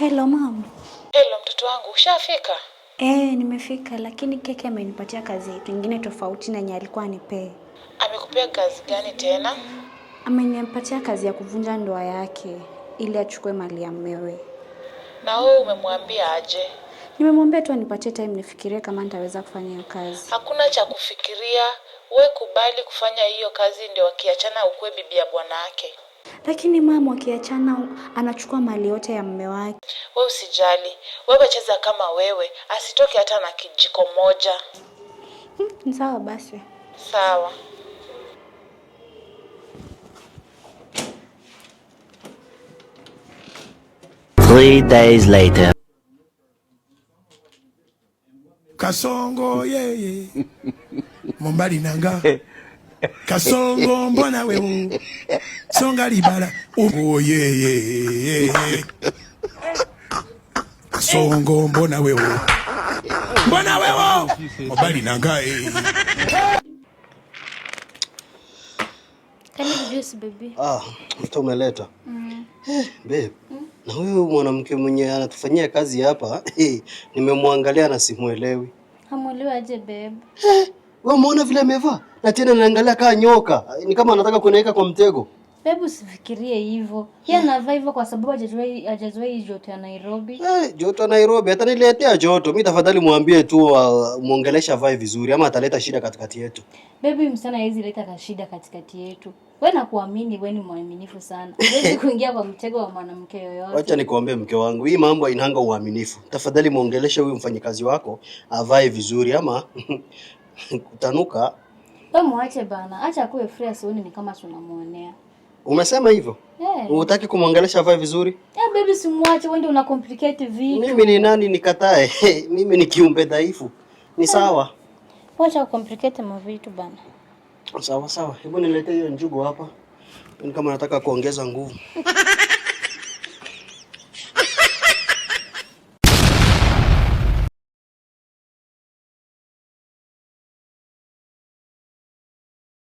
Hello mom. Hello mtoto wangu, ushafika? Eh, nimefika lakini keke amenipatia kazi nyingine tofauti na yenye alikuwa anipee. Amekupea kazi gani tena? Amenipatia kazi ya kuvunja ndoa yake ili achukue mali ya mmewe. Na wewe umemwambia aje? Nimemwambia tu anipatie time nifikirie kama nitaweza kufanya hiyo kazi. Hakuna cha kufikiria, we kubali kufanya hiyo kazi ndio wakiachana ukuwe bibi ya bwana yake. Lakini mama akiachana anachukua mali yote ya mume wake. Wewe usijali, wewe cheza kama wewe, asitoke hata na kijiko moja. Hmm, sawa basi. Sawa. Three days later. Kasongo yeye. Mombali nanga kasongo mbona songa libala kasongo mbona mbona Ah, mtu umeleta mm. Hey, eh, babe mm. Na huyu mwanamke mwenye anatufanyia kazi hapa hey, eh, nimemwangalia na simuelewi. Hamuelewi aje babe? Eh, wewe umeona vile amevaa? Na tena anaangalia kaa nyoka. Ni kama anataka kuniweka kwa mtego. Bebu, usifikirie hivyo. Yeye anavaa hivyo kwa sababu hajazoea hii joto ya Nairobi. Eh, joto ya Nairobi. Hata niletea joto. Mimi tafadhali mwambie tu uh, muongelesha vae vizuri ama ataleta shida katikati yetu. Bebu, msana hizi leta ka shida katikati yetu. Wewe nakuamini, wewe ni mwaminifu sana. Huwezi kuingia kwa mtego wa mwanamke yoyote. Acha nikuambie mke wangu, hii mambo inanga uaminifu. Tafadhali muongelesha huyu mfanyikazi wako avae vizuri ama kutanuka. Wewe muache bana, acha kuwe free, sioni ni kama tunamuonea. Umesema hivyo? Eh. Yeah. Unataka kumwangalisha vae vizuri? Eh, Yeah, baby simuache, wewe ndio una complicate vitu. Mimi ni nani nikatae? Mimi ni kiumbe dhaifu. Ni eh. sawa. Wacha kucomplicate mavitu bana. Sawa sawa. Hebu niletee hiyo njugu hapa. Ni yaani kama nataka kuongeza nguvu.